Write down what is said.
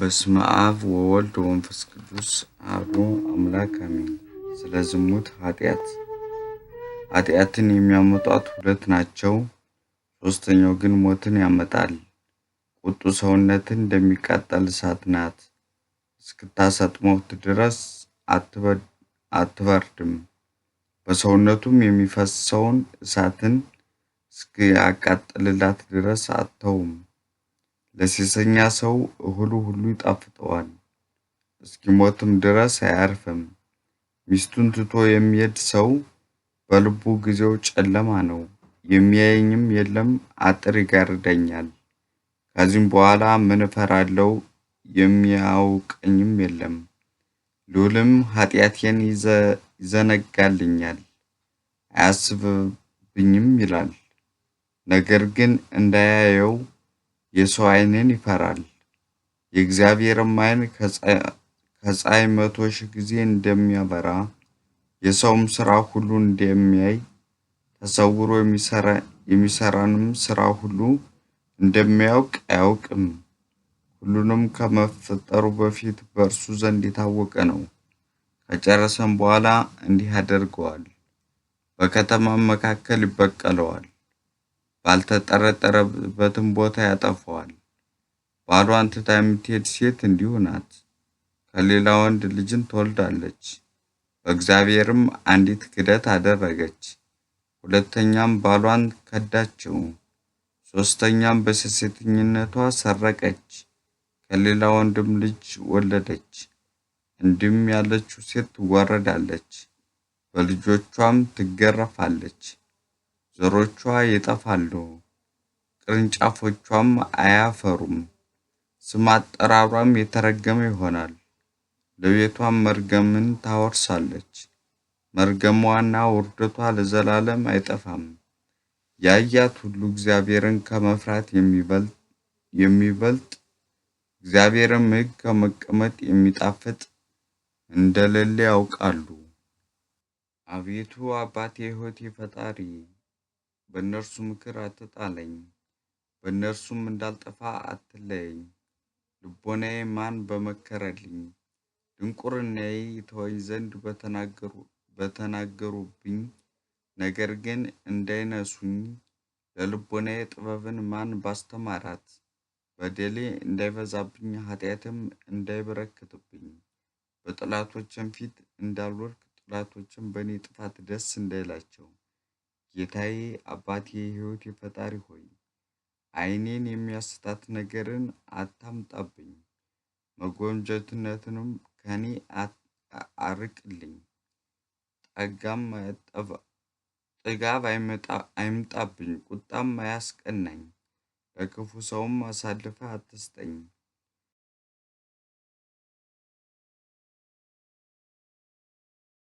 በስመ አብ ወወልድ ወመንፈስ ቅዱስ አሐዱ አምላክ አሜን። ስለ ዝሙት ኃጢአት ኃጢአትን የሚያመጧት ሁለት ናቸው፣ ሦስተኛው ግን ሞትን ያመጣል። ቁጡ ሰውነትን እንደሚቃጠል እሳት ናት፣ እስክታሰጥሞት ድረስ አትበርድም። በሰውነቱም የሚፈሰውን እሳትን እስኪያቃጥልላት ድረስ አተውም። ለሴሰኛ ሰው እህሉ ሁሉ ይጣፍጠዋል፣ እስኪሞትም ድረስ አያርፍም። ሚስቱን ትቶ የሚሄድ ሰው በልቡ ጊዜው ጨለማ ነው፣ የሚያየኝም የለም፣ አጥር ይጋርደኛል። ከዚህም በኋላ ምን እፈራለሁ? የሚያውቀኝም የለም። ልዑልም ኃጢአቴን ይዘነጋልኛል፣ አያስብብኝም ይላል። ነገር ግን እንዳያየው የሰው ዓይንን ይፈራል የእግዚአብሔርም ዓይን ከፀሐይ መቶ ሺህ ጊዜ እንደሚያበራ የሰውም ሥራ ሁሉ እንደሚያይ ተሰውሮ የሚሠራንም ሥራ ሁሉ እንደሚያውቅ አያውቅም። ሁሉንም ከመፈጠሩ በፊት በእርሱ ዘንድ የታወቀ ነው። ከጨረሰም በኋላ እንዲህ ያደርገዋል፣ በከተማም መካከል ይበቀለዋል። ባልተጠረጠረበትም ቦታ ያጠፋዋል። ባሏን ትታ የምትሄድ ሴት እንዲሁ ናት፤ ከሌላ ወንድ ልጅን ትወልዳለች። በእግዚአብሔርም አንዲት ክደት አደረገች፣ ሁለተኛም ባሏን ከዳችው፣ ሦስተኛም በሴሰኝነቷ ሰረቀች፣ ከሌላ ወንድም ልጅ ወለደች። እንዲህም ያለችው ሴት ትዋረዳለች፣ በልጆቿም ትገረፋለች። ዘሮቿ ይጠፋሉ ቅርንጫፎቿም አያፈሩም ስም አጠራሯም የተረገመ ይሆናል ለቤቷም መርገምን ታወርሳለች መርገሟና ውርደቷ ለዘላለም አይጠፋም ያያት ሁሉ እግዚአብሔርን ከመፍራት የሚበልጥ እግዚአብሔርም ሕግ ከመቀመጥ የሚጣፍጥ እንደሌለ ያውቃሉ አቤቱ አባቴ ሆቴ ፈጣሪ በእነርሱ ምክር አትጣለኝ፣ በእነርሱም እንዳልጠፋ አትለየኝ። ልቦናዬ ማን በመከረልኝ፣ ድንቁርናዬ ይተወኝ ዘንድ በተናገሩብኝ። ነገር ግን እንዳይነሱኝ ለልቦናዬ ጥበብን ማን ባስተማራት፣ በደሌ እንዳይበዛብኝ ኃጢአትም እንዳይበረክትብኝ፣ በጠላቶችም ፊት እንዳልወድቅ ጠላቶችም በእኔ ጥፋት ደስ እንዳይላቸው ጌታዬ አባቴ የሕይወቴ ፈጣሪ ሆይ ዓይኔን የሚያስታት ነገርን አታምጣብኝ፣ መጎንጀትነትንም ከኔ አርቅልኝ፣ ጥጋብ አይምጣብኝ፣ ቁጣም አያስቀናኝ፣ ለክፉ ሰውም አሳልፈህ አትስጠኝ።